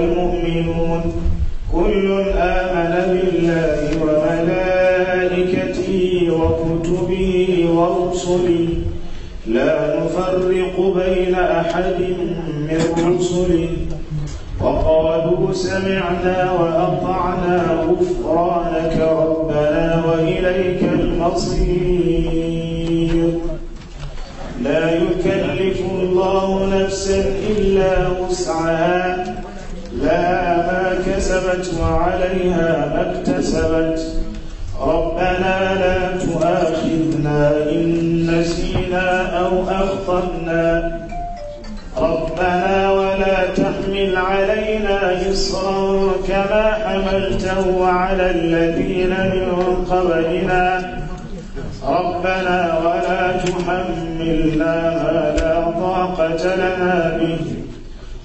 المؤمنون كل آمن بالله وملائكته وكتبه ورسله لا نفرق بين أحد من رسله وقالوا سمعنا وأطعنا غفرانك ربنا وإليك المصير لا يكلف الله نفسا إلا وسعها لها ما كسبت وعليها ما اكتسبت ربنا لا تؤاخذنا إن نسينا أو أخطأنا ربنا ولا تحمل علينا إصرا كما حملته على الذين من قبلنا ربنا ولا تحملنا ما لا طاقة لنا به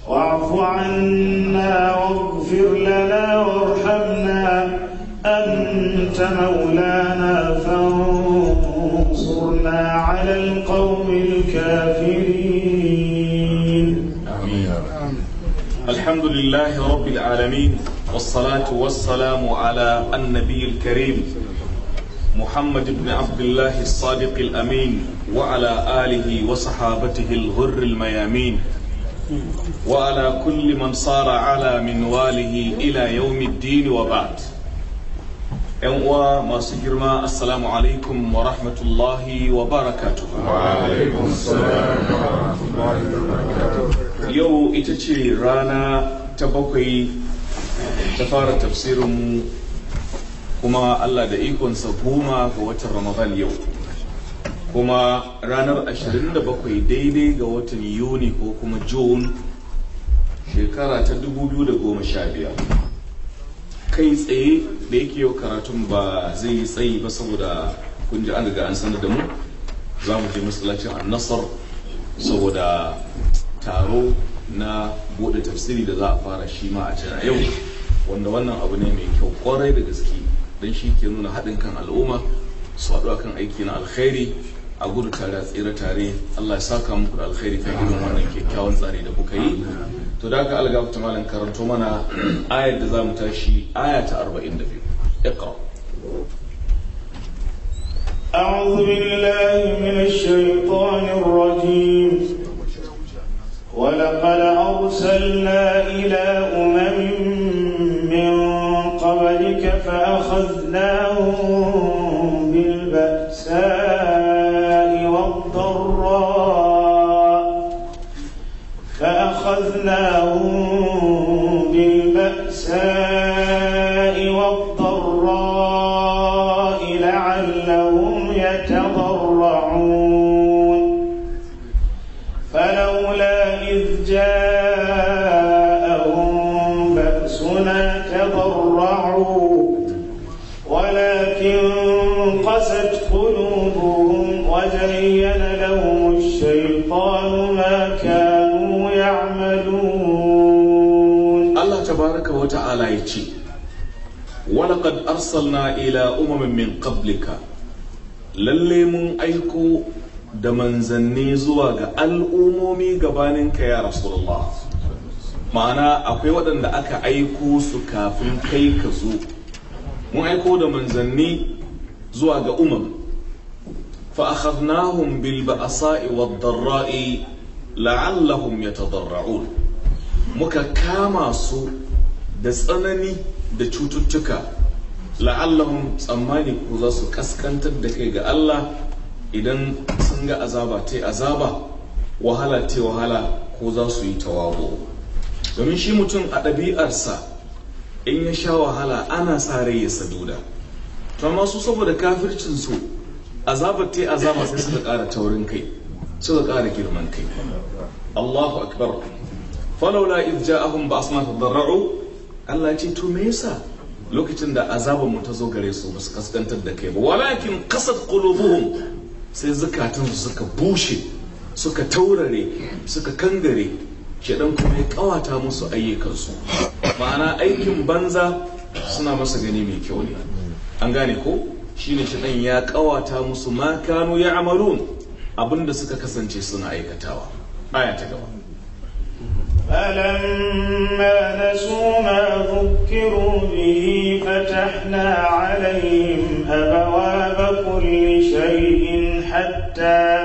واعف عنا واغفر لنا وارحمنا أنت مولانا فانصرنا على القوم الكافرين آمين الحمد لله رب العالمين والصلاة والسلام على النبي الكريم محمد بن عبد الله الصادق الأمين وعلى آله وصحابته الغر الميامين وعلى kulli من صار على منواله ila يوم الدين وبعد ‘Yan uwa masu girma, asalamu alaikum wa rahmatullahi wa barakatu. Yau ita ce rana ta bakwai ta fara tafsirinmu kuma Allah da ikonsa goma ga watan Ramadan yau. kuma ranar 27 daidai ga watan yuni ko kuma june shekara ta 2015 kai tsaye da yake yau karatun ba zai yi tsayi ba saboda kun ji an ga an sanar da mu za mu je masallacin nasar saboda taro na bude tafsiri da za a fara shi ma a can a yau wanda wannan abu ne mai kyau kwarai da gaske don shi ke nuna haɗin kan al'umma su haɗu kan aiki na alkhairi أقول تلات إيرة تاري الله ساكا مكر الخير في قلوم وانا كي كاون تاري دا بكي تو داكا ألغا بتمالا كارنتو منا آية دزا متاشي آية أربع اندفين اقرأ أعوذ بالله من الشيطان الرجيم ولقد أرسلنا إلى أمم من قبلك فأخذناهم أخذناهم بالبأساء والضراء لعلهم يتضرعون فلولا إذ جاءهم بأسنا تضرعوا ولكن قست قلوبهم وجل ta'ala ya ce arsalna ila umamin min qablika lalle mun aiko da manzanni zuwa ga al'umomi gabaninka ya rasulullah ma'ana akwai waɗanda aka aiko su kafin kai ka zo mun aiko da manzanni zuwa ga umam فأخذناهم بالبأساء والضراء لعلهم يتضرعون muka kama su da tsanani da cututtuka la'allahun tsammani ko za su kaskantar da kai ga Allah idan sun ga azaba ta azaba wahala ta wahala ko za su yi tawago domin shi mutum a ɗabi'arsa in ya sha wahala ana sa rai ya saduda to amma su saboda kafircin su azabar ta azaba sai suka ƙara taurin kai suka ƙara girman kai Allahu akbar falawla idh ja'ahum ba'asna tadarra'u Allah ya ce to me yasa lokacin da azabar mu ta zo gare su ba su kaskantar da kai ba walakin qasad qulubuhum sai zakatun suka bushe suka taurare suka kangare shedan kuma ya kawata musu ayyukansu ma'ana aikin banza suna masa gani mai kyau ne an gane ko shine shedan ya kawata musu ma kanu ya amalun abinda suka kasance suna aikatawa aya ta gaba فلما نسوا ما ذكروا به فتحنا عليهم أبواب كل شيء حتى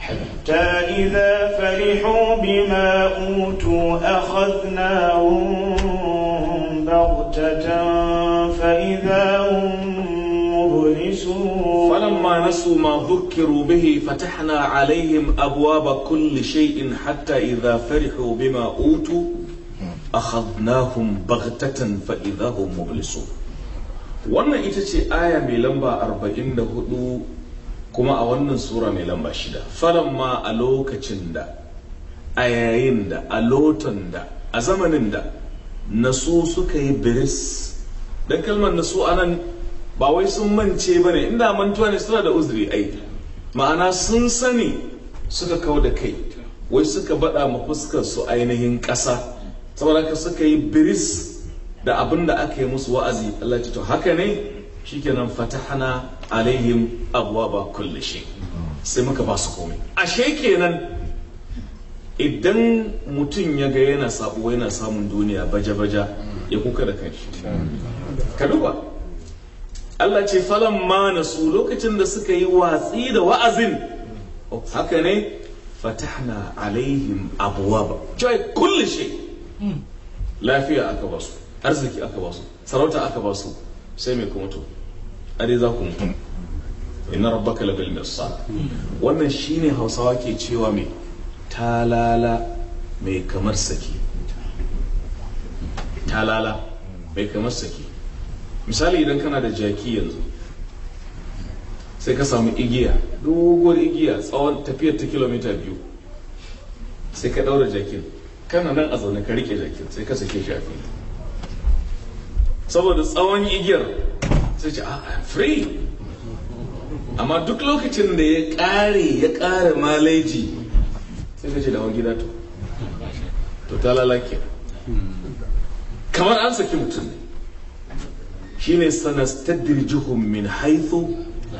حتى إذا فرحوا بما أوتوا أخذناهم بغتة فإذا هم فلما نسوا ما ذكروا به فتحنا عليهم أبواب كل شيء حتى إذا فرحوا بما أوتوا أخذناهم بغتة فإذا هم مبلسون wannan ita ce aya mai lamba 44 kuma a wannan sura mai lamba 6 ma a lokacin da a yayin da a lotan da a zamanin da nasu suka yi biris don kalmar nasu anan ba wai sun mance ba ne inda mantuwa ne suna da uzuri ai ma'ana sun sani suka kau da kai wai suka bada ma fuskar su ainihin ƙasa saboda ka suka yi biris da abin da aka yi musu wa'azi Allah to haka ne shikenan fatahana alaihim abwaba kulli shi sai muka ba su komai ashe kenan idan mutum ya ga yana sabo yana samun duniya baja-baja ya kuka da kai ka duba Allah ce falon ma na su lokacin da suka yi watsi da wa'azin haka ne fatahna alaihim abuwa ba joy kulle shi lafiya aka ba su arziki aka ba su sarauta aka ba su sai mai kuma to are za ku mutu ina rabbaka labil mirsal wannan shine hausawa ke cewa mai talala mai kamar saki talala mai kamar saki misali idan kana da jaki yanzu sai ka samu igiya doguwar igiya tsawon tafiyar ta kilomita biyu sai ka daura jakin kana nan a zaune ka rike jakin sai ka sake shafi. saboda tsawon igiyar sai ce ah I'm free amma duk lokacin da ya kare ya kare maleji sai ka ce da gida to ta lalake kamar an saki mutum shine sanastadrijuhum min haythu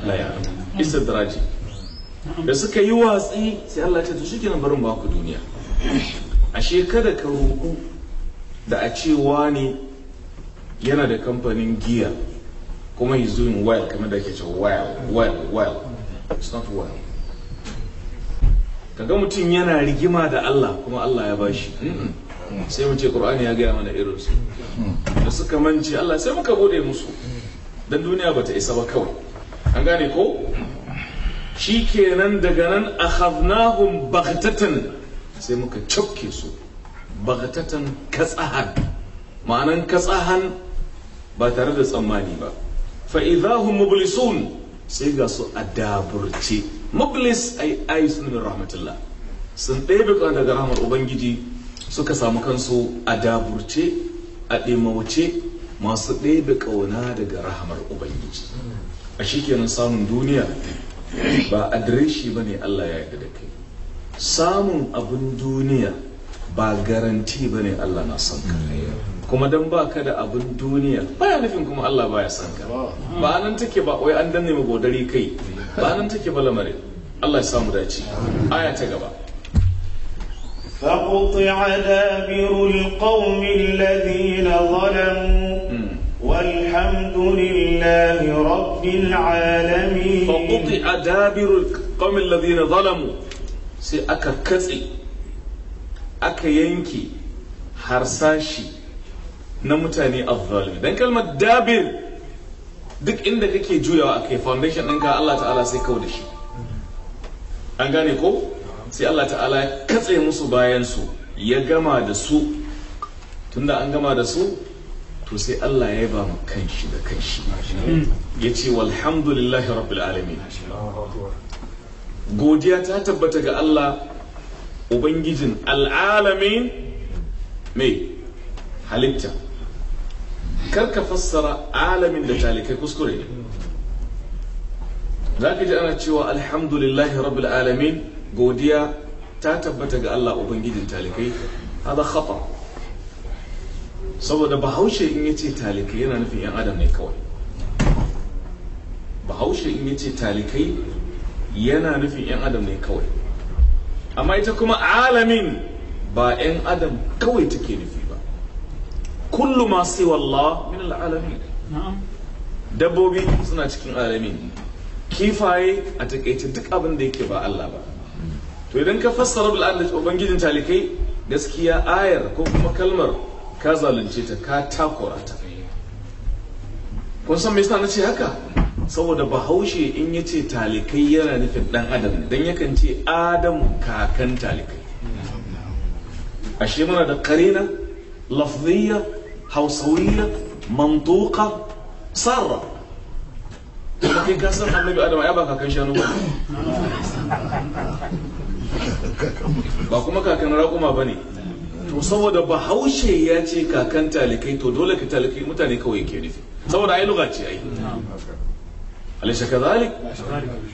la ya'lamun istidraji da suka yi watsi sai Allah ce to shikenan barin ba ku duniya ashe kada ka roƙu da a cewa ne yana da kamfanin giya kuma he's doing well kamar da ke cewa well well well it's not well kaga mutum yana rigima da Allah kuma Allah ya bashi sai mu ce Qur'ani ya gaya mana irinsu da suka manci Allah sai muka bude musu dan duniya bata isa ba kawai an gane ko shi kenan daga nan akhadnahum baghtatan sai muka cafke su baghtatan katsahan ma'anan katsahan ba tare da tsammani ba fa idahum mublisun sai ga su a daburce mublis ai ai sunan rahmatullah sun ɗaya daga rahmar ubangiji suka samu kansu a daburce a ɗimauce masu ɗebe ƙauna daga rahamar ubangiji a shi kenan samun duniya ba adireshi ba ne allah ya yarda da kai samun abin duniya ba garanti ba ne allah na son ka kuma don ba ka da abin duniya baya nufin kuma allah baya son ka ba nan take ba wai an danne magodari kai ba nan take ba lamarin allah ya samu dace aya ta gaba فقطع دابر القوم الذين ظلموا والحمد لله رب العالمين فقطع دابر القوم الذين ظلموا سي سأكا كتئ أكا ينكي هرساشي نمتاني الظالم دان كلمة دابر duk inda kake juyawa akai foundation ɗinka Allah ta'ala sai kawo da shi an gane ko sai Allah ta'ala ya katse musu bayan su ya gama da su tunda an gama da su to sai Allah ya ba mu kanshi da kanshi ya ce walhamdulillahi rabbil alamin godiya ta tabbata ga Allah ubangijin al'alamin mai halitta karka fassara alamin da talikai kuskure za ka ji ana cewa alhamdulillahi rabbil alamin godiya ta tabbata ga Allah ubangijin talikai hada khata saboda bahaushe in yace talikai yana nufin yan adam ne kawai bahaushe in yace talikai yana nufin yan adam ne kawai amma ita kuma alamin ba yan adam kawai take nufi ba kullu ma sai wallah min alalamin dabbobi suna cikin alamin kifaye a takaice duk abin da yake ba Allah ba to idan ka fassara bil adl ubangijin talikai gaskiya ayar ko kuma kalmar ka zalunce ta ka takura ta kun san me yasa ce haka saboda bahaushe in yace talikai yana nufin dan adam dan yakan ce adamu kakan talikai ashe muna da karina lafziya hausawiya mantuka sarra kuma kai ka annabi adam ya ba kakan shanu ba ba kuma kakan raƙuma ba ne to saboda bahaushe ya ce kakan talikai to dole ka talikai mutane kawai ke nufi saboda ai lugha ce ai alisha ka zalik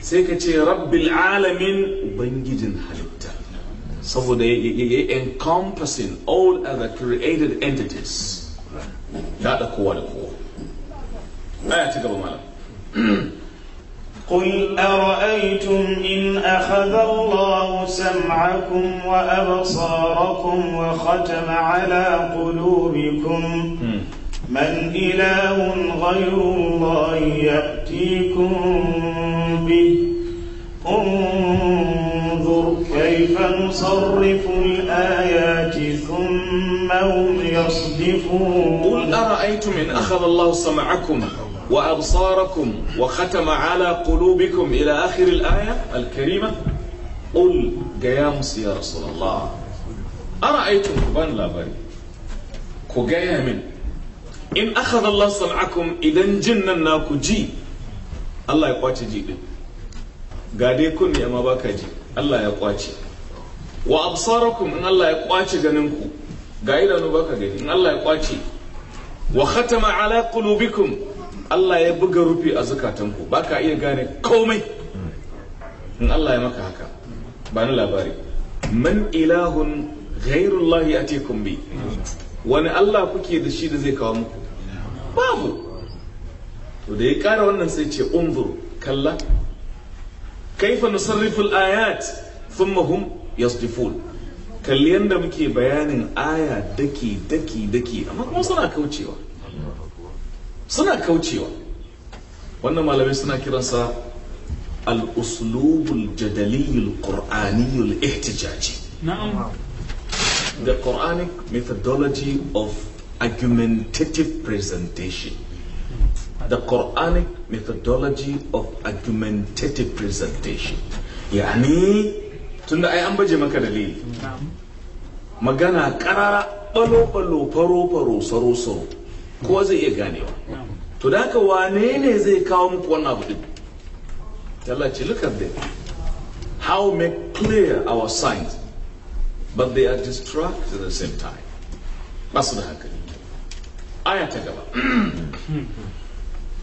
sai ka ce rabbil alamin ubangijin halitta saboda ya encompassing all other created entities ya da kowa da kowa aya ci gaba malam قل أرأيتم إن أخذ الله سمعكم وأبصاركم وختم على قلوبكم من إله غير الله يأتيكم به انظر كيف نصرف الآيات ثم هم يصدفون قل أرأيتم إن أخذ الله سمعكم وأبصاركم وختم على قلوبكم إلى آخر الآية الكريمة قل قيامس يا رسول الله أرأيتم كبان لا بري كجايا من إن أخذ الله صنعكم إذا جننا كجي الله يقواتي جي قادي كن يا مباكا جي الله يقواتي وأبصاركم إن الله يقواتي جننكم قايدا نباكا جي إن الله يقواتي وختم على قلوبكم Allah ya buga rufi a zukatanku ba ka iya gane komai in Allah ya maka haka ba ni labari man ilahun a tekun bi wani Allah kuke da shi da zai kawo muku babu to da ya kara wannan sai ce unzur kalla kaifa nusarrifu ayat thumma hum yasdifun kalli yanda muke bayanin aya daki daki daki amma kuma suna kaucewa suna kaucewa wannan malamai suna kiransa al-uslubul jadaliyul qur'aniyul ihtijaji na'am the quranic methodology of argumentative presentation the quranic methodology of argumentative presentation yani tunda ai an baje maka dalili magana karara balo balo faro faro saro saro ko zai iya ganewa to da haka wane ne zai kawo muku wannan abu din tallar ce look at them how make clear our signs but they are distracted at the same time ba su da hankali aya ta gaba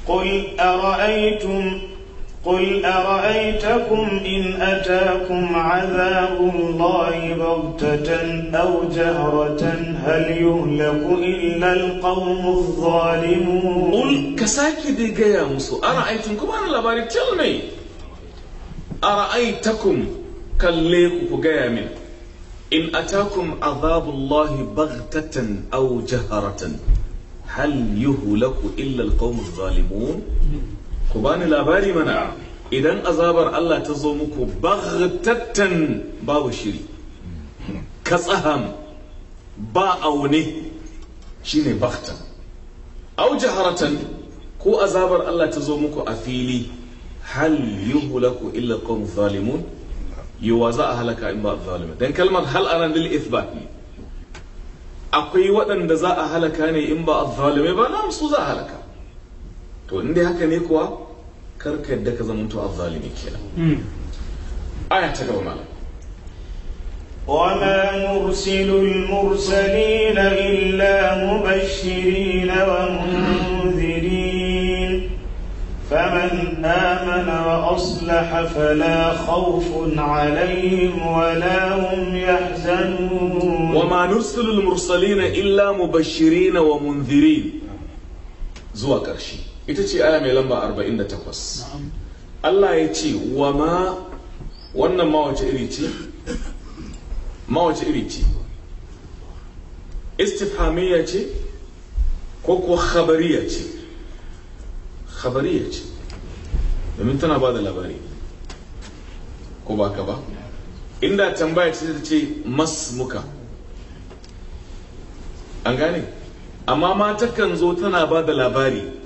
قل أرأيتم قل أرأيتكم إن أتاكم عذاب الله بغتة أو جهرة هل يهلك إلا القوم الظالمون قل كساكي دي جيا مسو أرأيتكم أنا لبارك tell me أرأيتكم كالليكو جيا من إن أتاكم عذاب الله بغتة أو جهرة هل يهلك إلا القوم الظالمون ku bani labari mana idan azabar Allah ta zo muku baghtattan babu shiri katsaham ba aune shine baghtan au jaharatan ko azabar Allah ta zo muku a fili hal yuhlaku illa qawm zalimun yiwa za a halaka in ba zalimin dan kalmar hal anan lil ithbat ne akwai waɗanda za a halaka ne in ba zalimai ba na su za a halaka to in dai haka ne kuwa kar ka yadda ka zamanto azzalimi kenan aya ta gaba malam وما نرسل المرسلين إلا مبشرين ومنذرين فمن آمن وأصلح فلا خوف عليهم ولا هم يحزنون وما نرسل المرسلين إلا مبشرين ومنذرين زوا كرشي ita ce aya mai lamba 48 Allah ya ce wa ma wannan mawace iri ce mawace iri ce istifhamiyya ce ko kuwa khabariya ce khabariya ce domin tana ba da labari ko ba ka ba inda tambaya ce ta ce mas muka an gane amma ma takan zo tana ba da labari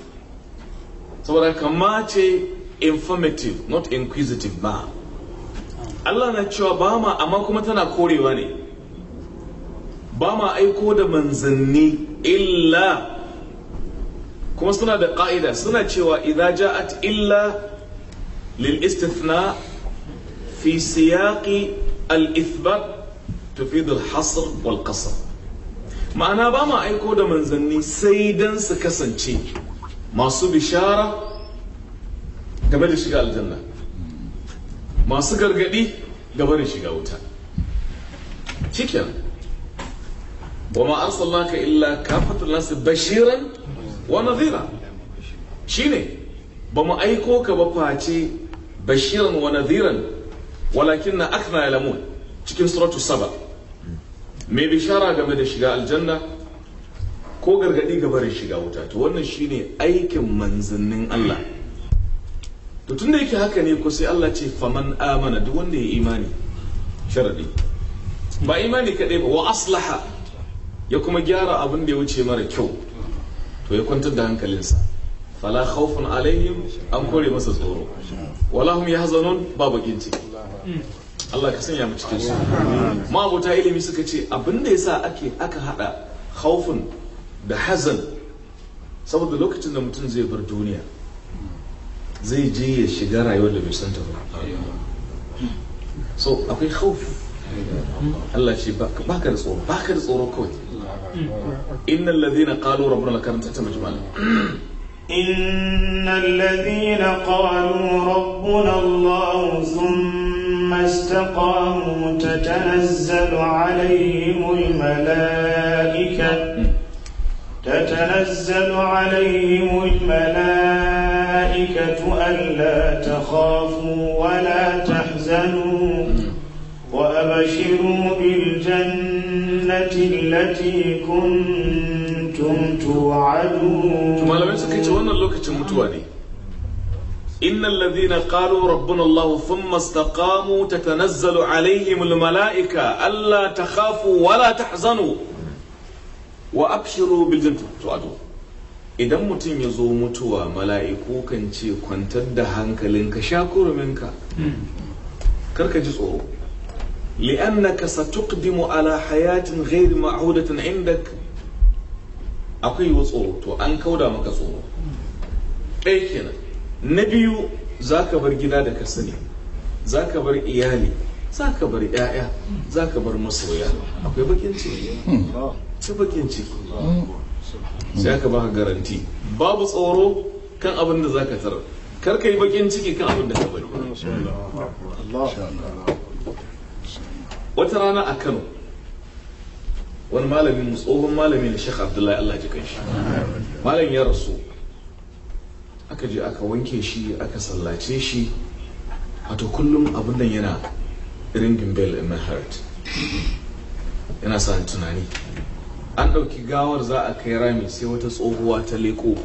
saboda kama ce informative not inquisitive ba Allah na cewa ba ma amma kuma tana korewa ne ba ma aiko da manzanni illa kuma suna da ƙa'ida suna cewa idza ja'at illa lil istithna fi siyaqi al ithbat tufid al hasr wal qasr ma'ana ba ma aiko da manzanni sai dan su kasance masu bishara game da shiga aljanna masu gargadi game da shiga wuta cikin wa ma arsalnaka illa kafatul nasu bashiran wa Shi ne, ba mu aiko ka ba face bashiran wa nadhiran walakin na akthara yalamun cikin suratu saba mai bishara game da shiga aljanna ko gargadi ga barin shiga wuta to wannan shine aikin manzannin Allah to da yake haka ne ko sai Allah ce faman amana duk wanda ya imani sharadi ba imani kadai ba wa aslaha ya kuma gyara abin da ya wuce mara kyau to ya kwantar da hankalinsa fala khawfun alaihim an kore masa tsoro wala hum yahzanun ba bakin ciki Allah ka sanya mu cikin su ma ilimi suka ce abin da yasa ake aka hada khawfun da hazal saboda lokacin da mutum zai bar duniya zai je ya shiga rayuwar da bai san ta ba so akwai khawf Allah shi baka da tsoro baka da tsoro kawai innal ladhina qalu rabbuna lakana ta majmala إن الذين قالوا ربنا الله ثم استقاموا تتنزل عليهم الملائكة تتنزل عليهم الملائكة ألا تخافوا ولا تحزنوا وأبشروا بالجنة التي كنتم توعدون ثم إن الذين قالوا ربنا الله ثم استقاموا تتنزل عليهم الملائكة ألا تخافوا ولا تحزنوا wa abshiru bil to tu'adu idan mutum ya zo mutuwa mala'iku kan ce kwantar da hankalinka sha kuruminka karka ji tsoro li'annaka satuqdimu ala hayatin ghayr ma'udatin indak akwai wa tsoro to an kauda maka tsoro ɗaya kenan na biyu ka bar gida da ka sani ka bar iyali za ka bar 'ya'ya za ka bar masoya akwai bakin ciki hmm. ci bakin ciki mm. sai aka baka garanti babu tsoro kan abin da zaka tarar kar kai bakin ciki kan abin da ka bari wata rana a kano wani malami tsohon malami na shekha abdullahi allah ji shi malam ya rasu aka je aka wanke shi aka sallace shi wato kullum abin nan yana ringin bell in my heart yana sa tunani an ɗauki gawar za a kai rami sai wata tsohuwa ta leko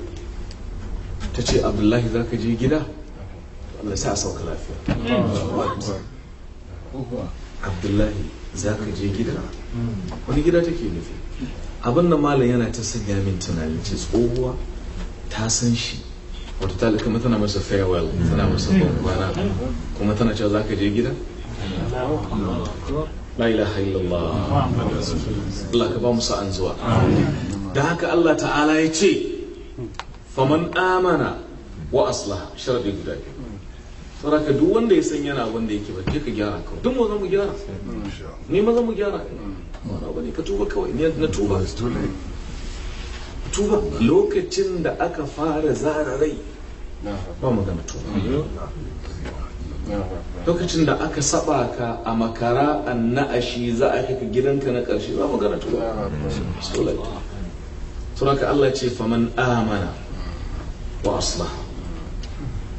ta ce abdullahi za ka je gida Allah sa sauka lafiya abdullahi za ka je gida wani gida take nufi abin da malam yana ta sanya min tunanin ce tsohuwa ta san shi wata ta kuma tana masa farewell tana masa bankwana kuma tana cewa za ka je gida la ilaha illallah Allah ka ba mu sa'an zuwa da haka Allah ta'ala ya ce faman amana wa aslaha sharadi guda biyu saraka duk wanda ya san yana wanda yake ba ka gyara ka duk mu za mu gyara ni ma za mu gyara wani bane ka tuba kawai ni na tuba tuba lokacin da aka fara zara rai ba magana tuba lokacin da aka saba ka a makara a na'ashi za a kika gidanka na ƙarshe za mu gana tuwa sura ka Allah ce faman amana wa asla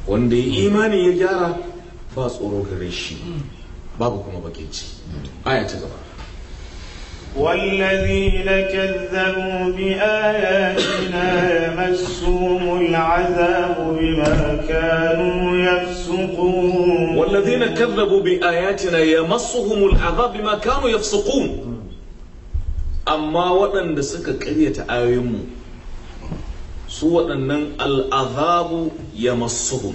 wanda ya imani ya gyara ba tsoro gare shi babu kuma bakin ci aya ta gaba والذين كذبوا بآياتنا يمسهم العذاب بما كانوا يفسقون والذين كذبوا بآياتنا يمسهم العذاب بما كانوا يفسقون أما وطن سكا كرية آيوم سوى أن العذاب يمسهم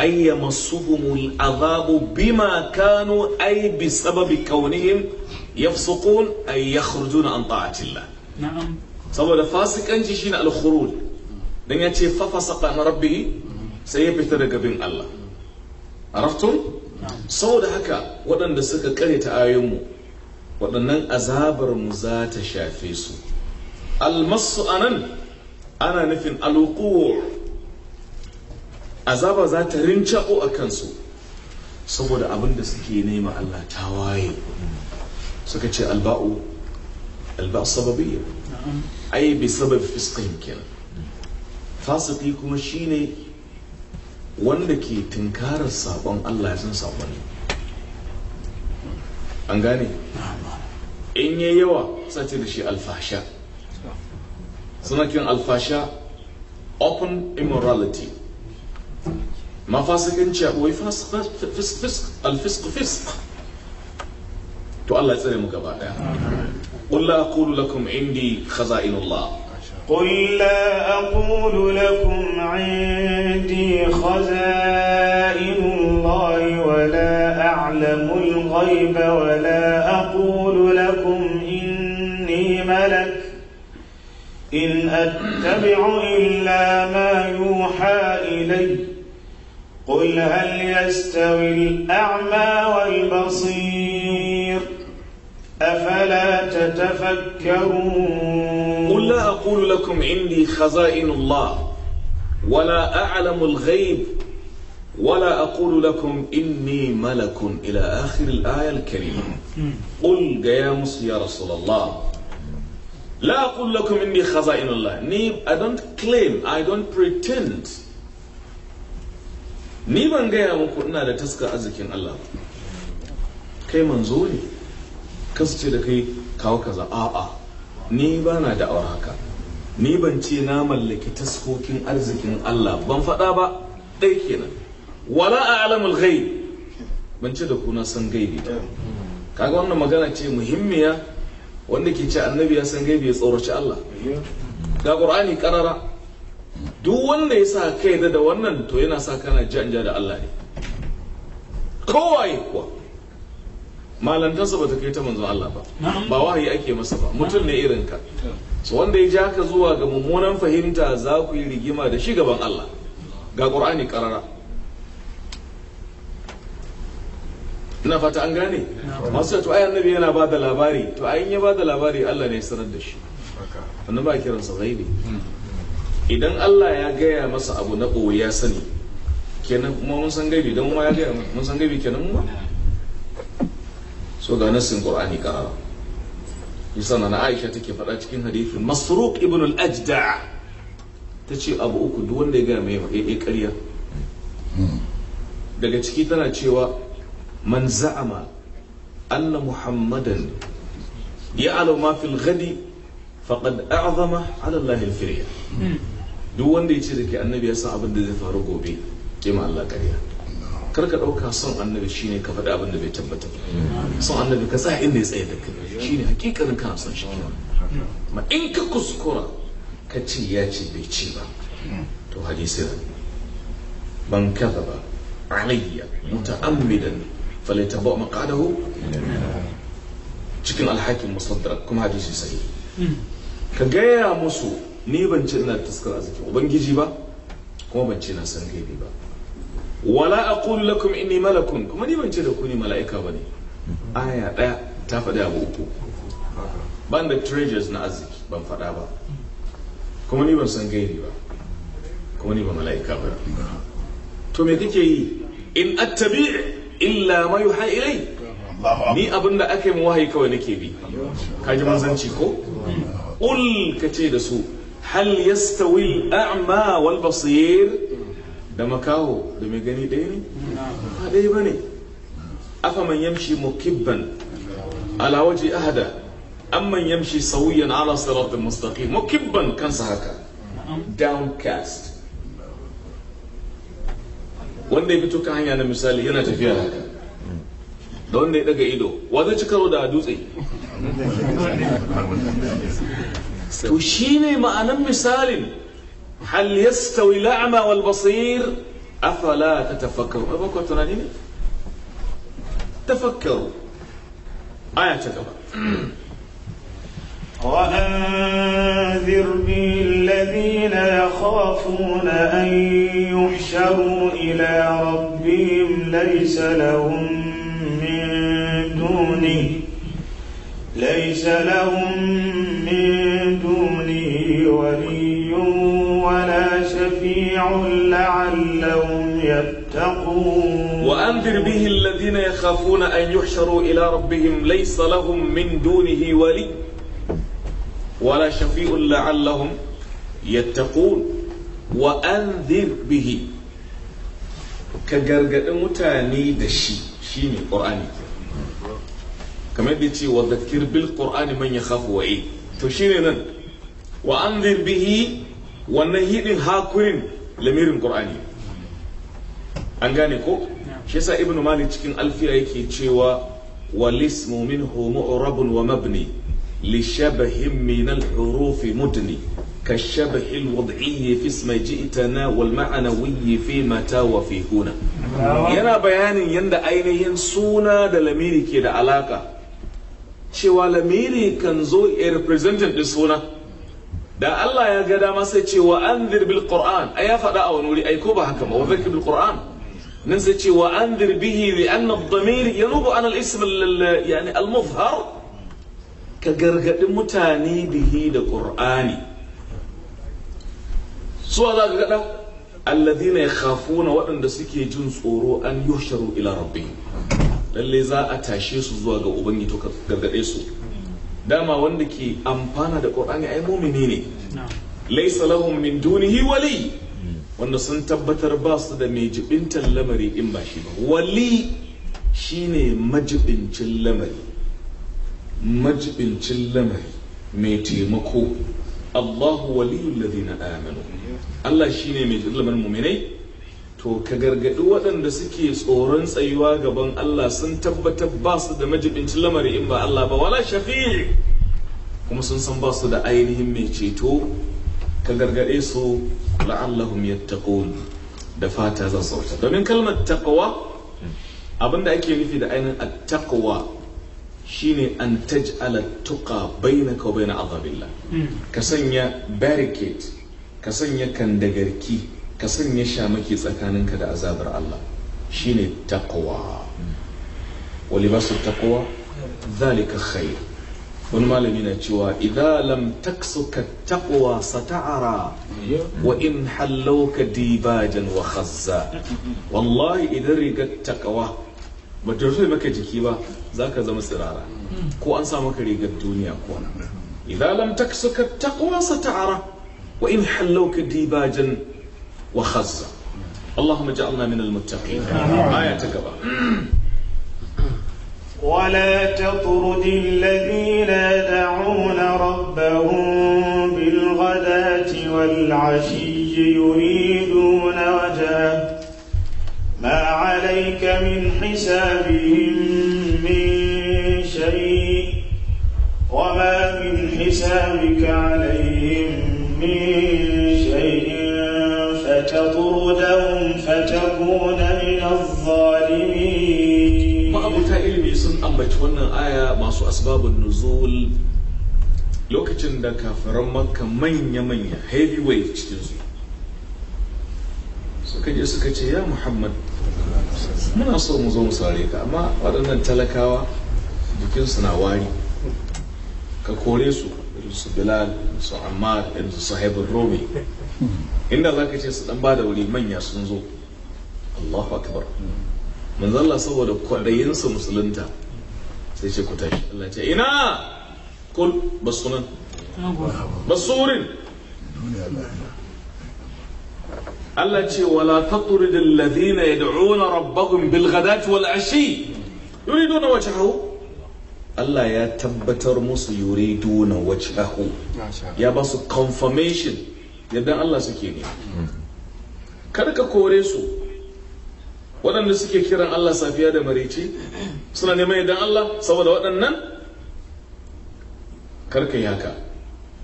أي يمسهم العذاب بما كانوا أي بسبب كونهم yafsuqun ay yakhrujuna an ta'atillah na'am saboda fasikanci shine al-khuruj dan yace fa fasaqa an rabbihi sai ya fita daga bin Allah araftum saboda haka waɗanda suka kareta ayoyinmu waɗannan azabar mu za shafe su almasu anan ana nufin alwuqu azaba za ta rincako a kansu saboda abinda suke nema Allah tawaye suka ce alba'u alba'u sababiyya ai bi sabab fisqin kenan fasiki kuma shine wanda ke tunkarar sabon Allah ya san sabon an gane in yi yawa sace da shi alfasha suna kiran alfasha open immorality ma fasikanci a wai fisk fisk to Allah ya tsare mu gaba قل لا أقول لكم عندي خزائن الله قل لا أقول لكم عندي خزائن الله ولا أعلم الغيب ولا أقول لكم إني ملك إن أتبع إلا ما يوحى إلي قل هل يستوي الأعمى والبصير أفلا تتفكرون قل لا أقول لكم عندي خزائن الله ولا أعلم الغيب ولا أقول لكم إني ملك إلى آخر الآية الكريمة قل يا يا رسول الله لا أقول لكم إني خزائن الله I don't claim I don't pretend ni ban gaya muku ina da taskar arzikin kasu ce da kai kawo kaza a'a ni ba na da'awar haka ni ban ce na mallaki taskokin arzikin Allah ban faɗa ba ɗai kenan wala a alamul gai ban ce da kuna san gaibi kaga wannan magana ce muhimmiya wanda ke ce annabi ya san gaibi ya tsoraci Allah ga qur'ani karara duk wanda ya sa kai da wannan to yana sa kana ja da Allah ne kowaye kuwa malantarsa ba ta kai ta manzon Allah ba ba wahayi ake masa ba mutum ne irin ka so wanda ya ja ka zuwa ga mummunan fahimta za ku yi rigima da shi gaban Allah ga Qur'ani karara ina fata an gane masu to ayan nabi yana ba da labari to ayin ya ba da labari Allah ne sanar da shi wanda ba kiransa gaibi hmm. idan Allah ya gaya masa abu na ɓoye ya sani kenan kuma mun san gaibi don kuma ya gaya mun san gaibi kenan mu ba so ga nassin qur'ani karara yasa na aisha take faɗa cikin hadithin masruq ibn al-ajda ta ce abu uku duk wanda ya gaya mai faɗe ƙarya hmm. daga ciki tana cewa man za'ama anna muhammadan ya'lamu ma fil ghadi faqad a'zama 'ala Allah al-firya hmm. duk wanda ya ce da ke annabi ya san abin da zai faru gobe ya ma Allah ƙarya kar ka ɗauka son annabi shine ka faɗi abin da bai tabbata son annabi ka sa inda ya tsaye da kai shine hakikanin kana son shi ma in ka kuskura ka ce ya ce bai ce ba to hadisi ban kaza ba alayya muta'ammidan falyatabu maqadahu cikin alhakin musaddar kuma hadisi sahihi ka gaya musu ni ban ce ina tuskar arziki ubangiji ba kuma ban ce na san gaibi ba wala aqulu lakum inni malakun kuma ni ban ce da ku ni mala'ika bane aya daya ta faɗi abu uku ban da treasures na arziki ban faɗa ba kuma ni ban san gairi ba kuma ni ba mala'ika ba to me kake yi in attabi illa ma yuha ilai ni abin da aka yi wahayi kawai nake bi kaji manzanci ko ul kace da su hal yastawi al a'ma wal basir da makaho da mai gani ɗaya ne ba ɗaya ba ne afa man yamshi mukibban ala waje ahada yamshi sauyan ala mustaqim mukibban kansa haka downcast wanda ya fito kan hanya na misali yana tafiya haka da wanda ya daga ido wa zai ci karo da dutse to shine ma'anan misalin هل يستوي الأعمى والبصير أفلا تتفكروا أبوكم تنانيني تفكروا آية تقبل وأنذر بالذين الذين يخافون أن يحشروا إلى ربهم ليس لهم من دونه ليس لهم من لَعَلَّهُمْ يَتَّقُونَ وَأَنذِرْ بِهِ الَّذِينَ يَخَافُونَ أَن يُحْشَرُوا إِلَى رَبِّهِمْ لَيْسَ لَهُم مِّن دُونِهِ وَلِيٌّ وَلَا شفيء لَّعَلَّهُمْ يَتَّقُونَ وَأَنذِرْ بِهِ كجرجر مُتَانِي دَشِي شيني قرآني كما يدتي وذكر بالقرآن من يخاف وعيد تشيني وأنذر به wa anzir bihi lamirin qur'ani an gane ko shi yasa ibnu malik cikin alfiya yake cewa wal ismu minhu mu'rabun wa mabni li shabahin min al huruf mudni ka shabahi al wad'i fi ismi ji'tana wal ma'nawi fi mata wa fi huna yana bayanin yanda ainihin suna da lamiri ke da alaka cewa lamiri kan zo a representative din suna da Allah ya ga dama sai ce wa anzir bil qur'an ya faɗa a wani wuri ai ko ba haka ba wa zakir bil qur'an nan sai ce wa anzir bihi li anna ad-damir yanubu an al-ism yani al ka gargaɗi mutane bihi da qur'ani suwa za ka gaɗa alladhina yakhafuna waɗanda suke jin tsoro an yusharu ila rabbihim lalle za a tashe su zuwa ga ubangi to gargade su dama wanda ke amfana da ƙur'ani ai mumini ne laysa lahum min dunihi wali wanda sun tabbatar ba su da mai jibintan lamari in ba shi ba wali shine majibincin lamari majibincin lamari mai taimako Allahu waliyul ladina amanu Allah shine mai jibintan lamarin mu'minai to ka gargaɗi waɗanda suke tsoron tsayuwa gaban Allah sun tabbatar ba su da majibincin lamari in ba Allah ba wala shafi. kuma sun san ba su da ainihin mai ceto ka gargaɗe su la'allahum yattaqun da fata za su domin kalmar taqwa abinda ake nufi da ainihin at-taqwa shine an taj'ala tuqa bainaka wa bain azabillah hmm. ka sanya barricade ka sanya kandagarki ka sanya shamaki tsakaninka da azabar Allah shine taqwa wa libasu taqwa zalika khair wani malami na cewa idan lam taksuka taqwa sata'ara wa in hallauka dibajan wa khazza wallahi idan rigar taqwa ba ta rufe maka jiki ba za ka zama tsirara ko an sa maka rigar duniya ko na idan lam taksuka taqwa sata'ara wa in hallauka dibajan وخزة اللهم اجعلنا من المتقين آية قبل ولا تطرد الذين يدعون ربهم بالغداة والعشي يريدون وجهه ما عليك من حسابهم من شيء وما من حسابك عليهم من تطردهم فتكون من الظالمين ما أبو ilimi sun ambaci wannan aya masu asbabun nuzul lokacin da kafiran ka manya-manya heavyweight cikinsu suka je suka ce ya muhammad muna so mu zo mu sare ka amma waɗannan talakawa jikinsu na wari ka kore su su bilal su ammar su sahibin romi inda za ka ce su dan bada wuri manya sun zo Allahu akbar manzalla saboda kwaɗayinsa musulunta sai ce ku tashi Allah ce ina kul basu nan basu wurin Allah ce wala da taqrid alladhina yad'una rabbahum bil ghadati wal ashi yuriduna wajhahu Allah ya tabbatar musu yuriduna wajhahu ya ba su confirmation yadda Allah suke ne kar ka kore su waɗanda suke kiran Allah safiya da marici suna neman yadda Allah saboda waɗannan kar ka yi haka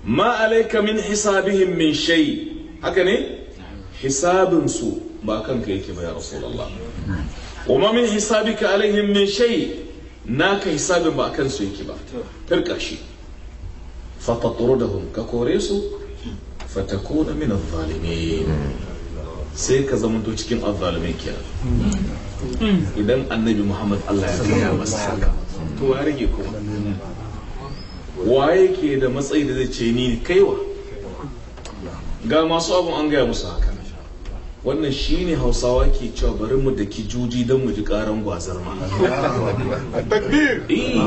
ma alaika min hisabihim min shay haka ne hisabinsu ba kanka yake ba ya rasulullah Kuma ma min hisabika alaihim min shay naka hisabin ba kansu yake ba firka shi fatatrudahum ka kore su fatakuna min zalimin hmm. sai ka zamanto cikin azzalimai kiya hmm. idan annabi muhammad allah ya gaya masa hmm. haka to ya rage kuma waye ke da matsayi da zai ce ni kaiwa ga masu abun an gaya musu haka wannan shine hausawa ke cewa bari mu da ki juji don mu ji karan gwazar ma eh,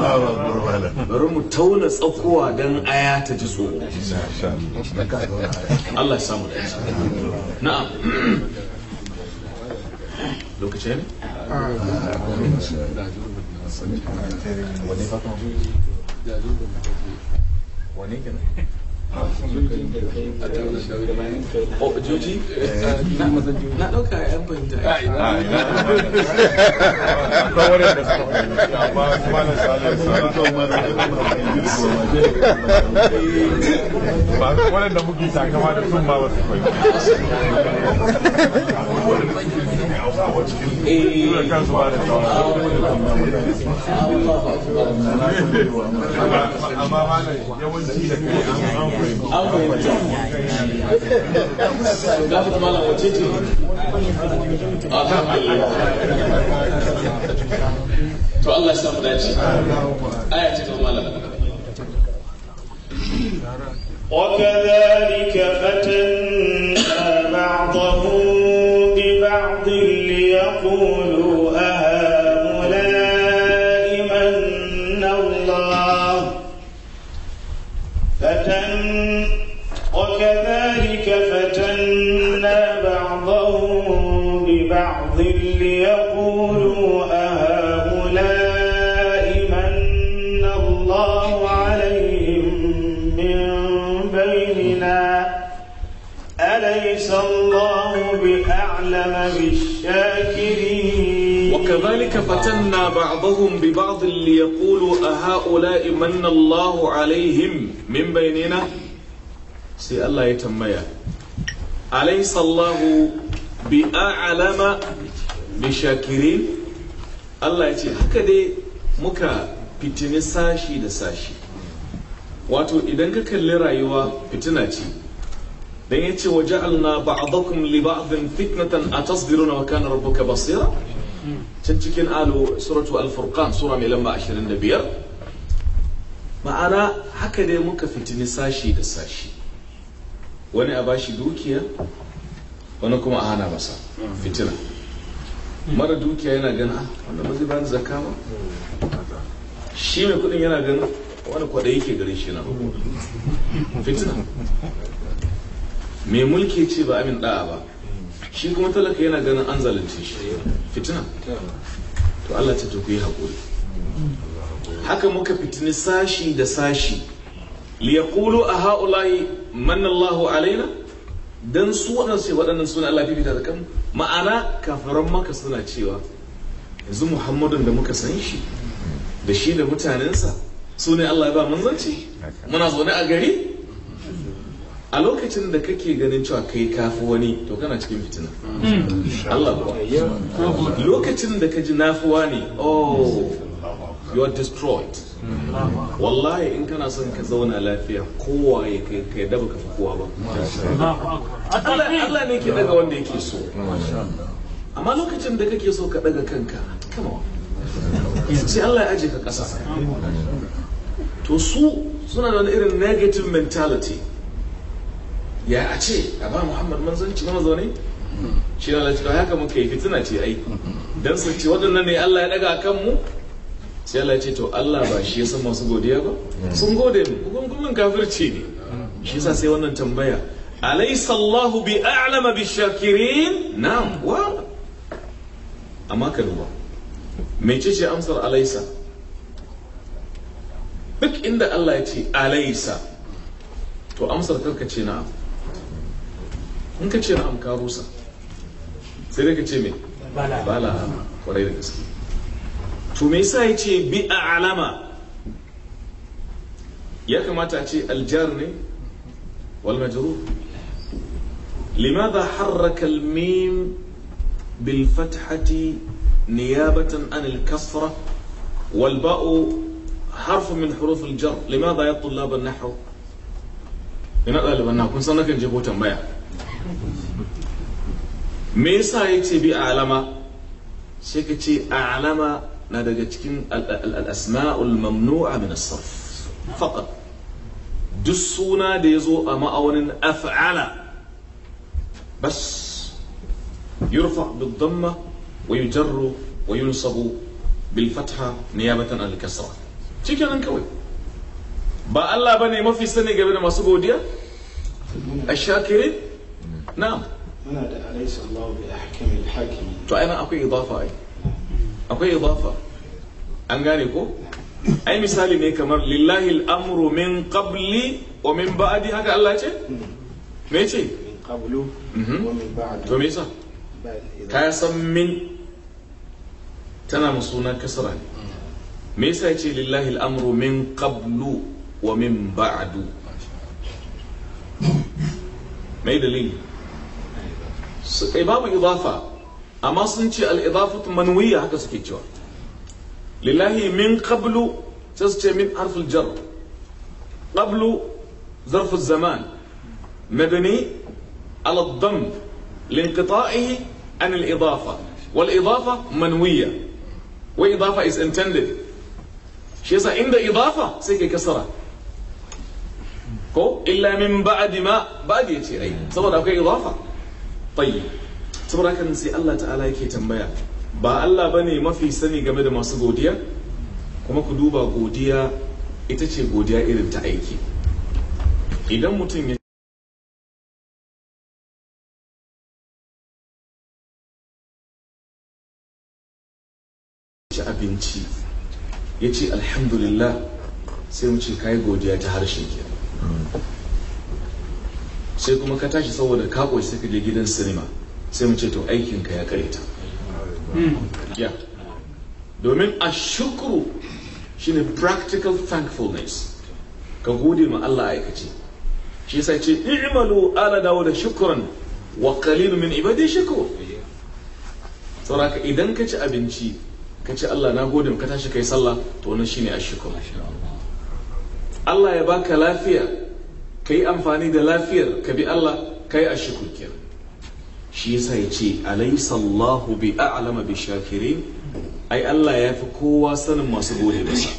bari mu tauna tsakowa don aya ta ji tsoro Allah ya samu da na'am wani Oh, Juji? Uh, not, not okay, I'm going to waɗanda muke takama da sun ba wasu kwai to Allah samu dace aya ce ga malam وكذلك فتنا بعضهم ببعض تقولوا الله فتن وكذلك أعلم بالشاكرين وكذلك فتنا بعضهم ببعض ليقولوا أهؤلاء من الله عليهم من بيننا سي الله يتميا أليس الله بأعلم بشاكرين الله يتي هكذا مكا بتنساشي دساشي واتو إذن da رأيوا wato da ya ce waje alna ba'adakum li ba'adin fitnatan a tasdiruna wa kana rabbuka basira can cikin alu suratu al-furqan sura mai lamba 25 ma'ana haka dai muka fitini sashi da sashi wani a bashi dukiya wani kuma a hana masa fitina mara dukiya yana gana ah, wanda ba zai bani zakka ba shi mai kudin yana gana wani kwaɗayi ke garin shi na fitina mai mulki ce ba amin da'a ba shi kuma talaka yana ganin an zalunce shi fitina to Allah ta tafi haƙuri haka muka fitini sashi da sashi liyaqulu a ha'ulahi manna Allahu alaina dan su yi sai waɗannan suna Allah fifita da kan ma'ana kafaran maka suna cewa yanzu Muhammadun da muka san shi da shi da mutanensa su ne Allah ya ba manzanci muna zaune a gari a lokacin da kake ganin cewa kai kafi wani to kana cikin fitina Allah lokacin da ka ji nafuwa ne oh you are destroyed wallahi in kana son ka zauna lafiya kowa ya kai ka yadda baka fi kowa ba Allah ne ke daga wanda yake so amma lokacin da kake so ka daga kanka kama sai Allah ya aje ka kasa to su suna da wani irin negative mentality ya a ce a ba muhammad manzanci mana zaune shi na lafiya haka muka yi fitina ce ai don su ce waɗannan ne allah ya daga a kanmu sai allah ce to allah ba shi ya san masu godiya ba sun gode mu kafir kafirci ne shi yasa sai wannan tambaya alaysa allahu bi a'lama bi shakirin na'am wa amma ka duba mecece amsar alaisa duk inda allah ya ce alaisa to amsar karka ce na'am in ka ce na'am ka rusa sai dai ka ce me bala kwarai da gaske to me yasa yace bi a alama ya kamata a ce aljar ne wal majrur لماذا حرك الميم بالفتحة نيابة عن الكسرة والباء حرف من حروف الجر لماذا يا طلاب النحو لماذا لبنا كن سنة كن جبوتا بيع me yasa ya ce bi alama sai ka ce alama na daga cikin al'asma'ul mamnu'a min as-sarf faqat duk suna da ya a ma'aunin af'ala bas yurfa bil damma wa yujarru wa yunsabu bil fatha niyabatan al kasra cikin kawai ba Allah bane mafi sani game da masu godiya ashakirin na'am muna da alaysa Allah bi ahkamil hakim to ai akwai idafa ai akwai idafa an gane ko ai misali ne kamar lillahi al'amru min qabli wa min ba'di haka Allah ce hmm. me ce min qablu mhm. wa min ba'di to me yasa ka san min tana musuna kasra ne hmm. me yasa ce lillahi al'amru min qablu wa min ba'du mai dalili إمام إضافة أما صنعي الإضافة منوية هكذا كيتشوا لله من قبل تسجي من حرف الجر قبل ظرف الزمان مبني على الضم لانقطاعه عن الإضافة والإضافة منوية وإضافة is intended شيء صار عند إضافة سيك كسرة كو إلا من بعد ما بعد يتي أي صبر أوكي إضافة tayyib saboda kan sai Allah ta'ala yake tambaya ba Allah bane mafi sani game da masu godiya kuma ku duba godiya ita ce godiya irin ta aiki idan mutum ya ci abinci ya ce alhamdulillah sai mu ce kayi godiya ta harshe ke sai kuma ka tashi saboda ka koshi sai ka je gidan sinima sai mu ce to aikin ka ya kareta ya domin a shukuru shine practical thankfulness ka gode ma Allah aikace shi sai ce i'malu ala dawuda shukran wa qalilun min ibadi shakur saboda idan ka ci abinci ka ce Allah na gode ka tashi kai sallah to wannan shine ashkur Allah ya baka lafiya ka yi amfani da lafiyar ka bi Allah ka yi ashukur kenan shi yasa ya ce alaysa Allahu bi a'lama bi shakirin ai Allah ya fi kowa sanin masu gode masa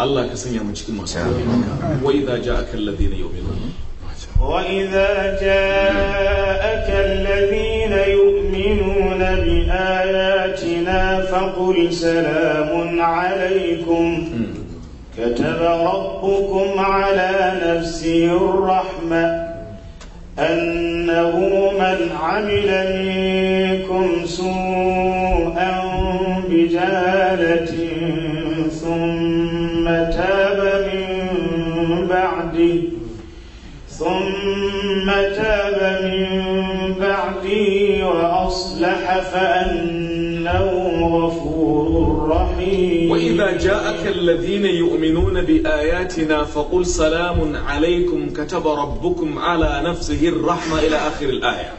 Allah ka sanya mu cikin masu gode maka wa idza ja'aka alladhina yu'minuna وإذا جاءك الذين يؤمنون بآياتنا فقل سلام عليكم كتب ربكم على نفسه الرحمة أنه من عمل منكم سوءا بجالة ثم تاب من بعده ثم تاب من بعده وأصلح فأنه جاءك الذين يؤمنون بآياتنا فقل سلام عليكم كتب ربكم على نفسه الرحمة إلى آخر الآية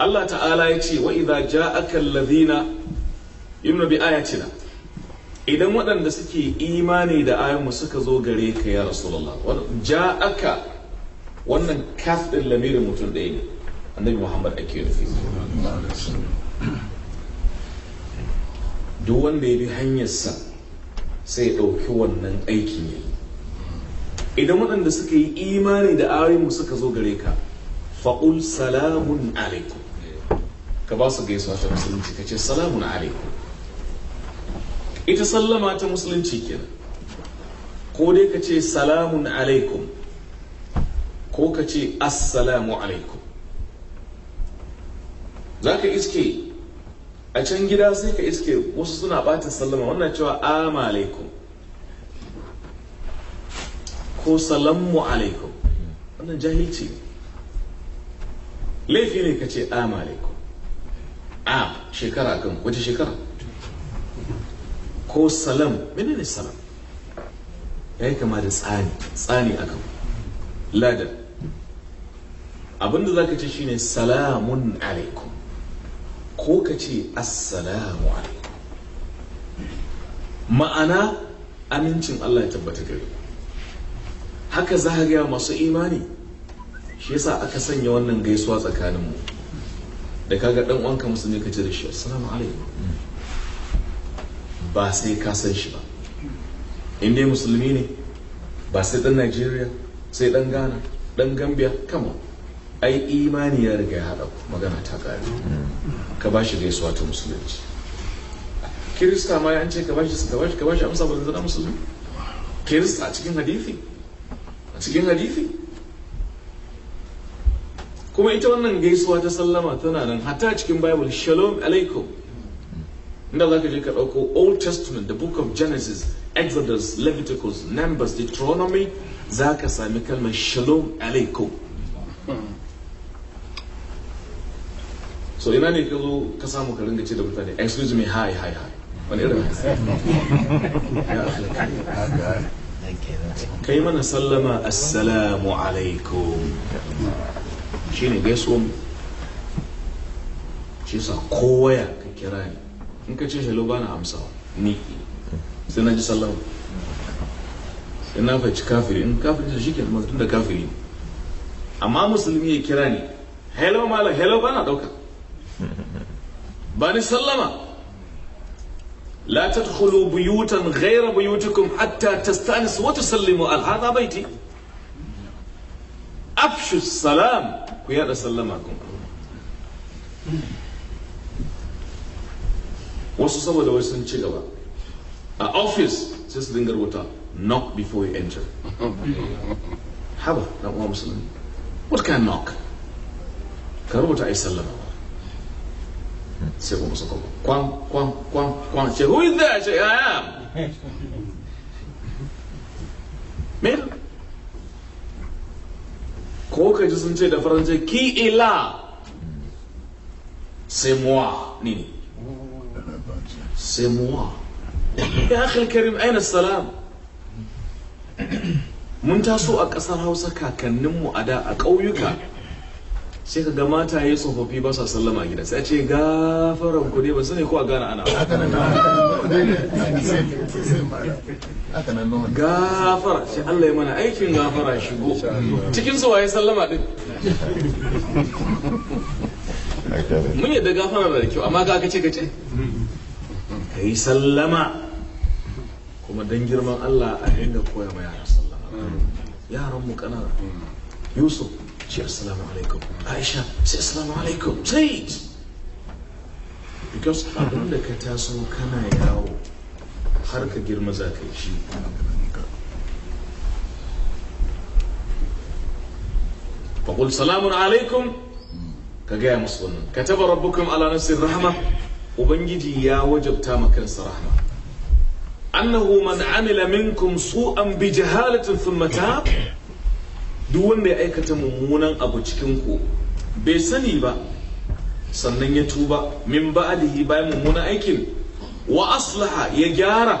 الله تعالى يتي وإذا جاءك الذين يؤمنون بآياتنا idan waɗanda suke imani da ayanmu suka zo gare ka ya rasulullah jaaka wannan kaf ɗin lamirin mutum ɗaya ne annabi muhammad ake nufi wanda ya bi hanyarsa sai ɗauki wannan aiki ne idan waɗanda suka yi imani da ayoyinmu suka zo gare ka faƙul salamun alaikum ka ba su gaisuwa ta musulunci ka ce salamun alaikum ita sallama ta musulunci kenan ko dai ka ce salamun alaikum ko ka ce assalamu alaikum za ka iske a can gida sai ka iske wasu suna batin sallama wannan cewa ama alaikum ko salamu alaikum wannan jahilci ne laifi ne ka ce ama alaikum A shekara kan wace shekara ko salam menene salam ya yi kama da tsani tsani akan ladar abinda za ka ce shine salamun alaikum ko ka ce assalamu ma'ana amincin Allah ya tabbata gare haka za masu imani shi yasa aka sanya wannan gaisuwa tsakaninmu da kaga dan uwanka musulmi ka ce da shi assalamu alaikum ba sai ka san shi ba in dai musulmi ne ba sai dan Najeriya sai dan Ghana dan Gambia kama ai imani ya riga ya dauko magana ta ƙare hmm. ka ba shi gaisuwa ta musulunci kirista ma an ce ka ba shi ka ba shi ka ba shi amsa ba zana musulmi kirista a cikin hadithi a cikin hadithi kuma ita wannan gaisuwa ta sallama tana nan hatta cikin bible shalom alaikum inda za ka je ka ɗauko old testament the book of genesis exodus leviticus numbers deuteronomy za ka sami kalmar shalom alaikum hmm. so ina ne ka zo ka samu ka ringa ce da mutane excuse me hi hi hi wani irin kai mana sallama assalamu alaikum shine gaisuwan shi sa kowaya ka kira ni in ka ce shalo bana amsa ni sai na ji sallama in na fahimci kafiri in kafiri shi ke da kafiri amma musulmi ya kira ni hello malam hello bana dauka بني سلمة لا تدخلوا بيوتا غير بيوتكم حتى تستأنسوا وتسلموا على هذا بيتي أفشوا السلام ويا سلمكم wasu saboda wai sun ci gaba a office sai su dinga rubuta knock before you enter haba dan uwa musulmi what can knock ka rubuta ai sallama sai kuma suka kwan kwan kwan kwan ce who is there ce i am min ko ka ji sun ce da faransa ki ila c'est moi nini c'est moi ya akhil karim aina salam mun taso a ƙasar hausa kakanninmu a da a ƙauyuka sai ka ga mataye tsofaffi ba sa sallama gida sai ce gafaran ku ne ba sani ko a gana ana gafara sai Allah ya mana aikin gafara shigo cikin su waye sallama din mun yadda gafara da kyau amma ga ce ka ce ka yi sallama kuma dan girman Allah a dinga koya ma yara sallama yaran mu kanana Yusuf شيخ السلام عليكم عائشة شيخ السلام عليكم سيد because abin da ka taso kana yawo har ka girma za ka yi shi faƙul salamun alaikum ka gaya musu wannan ka taba rabbukum ala nafsin rahama ubangiji ya wajabta ma kansa rahama annahu man amila minkum su'an bi jahalatin thumma tab duk wanda ya aikata mummunan abu cikin ku bai sani ba sannan ya tuba min ba'dihi bayan mummunan aikin wa aslaha ya gyara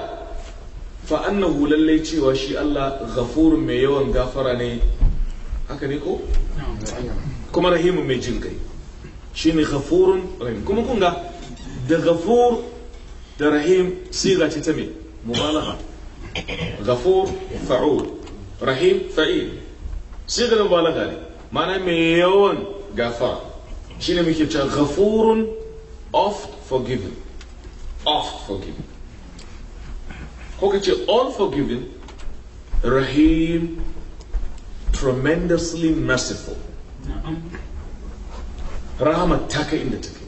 fa annahu lallai cewa shi Allah ghafurun mai yawan gafara ne haka ne ko kuma rahimu mai jin kai shine ghafurun rahim kuma kun ga da ghafur da rahim siga ce ta me mubalagha ghafur fa'ul rahim fa'il sigar mubalaga ne mana mai yawan gafara shine muke cewa ghafurun oft forgiven oft forgiven ko ka ce all forgiven rahim tremendously merciful rahama ta kai inda take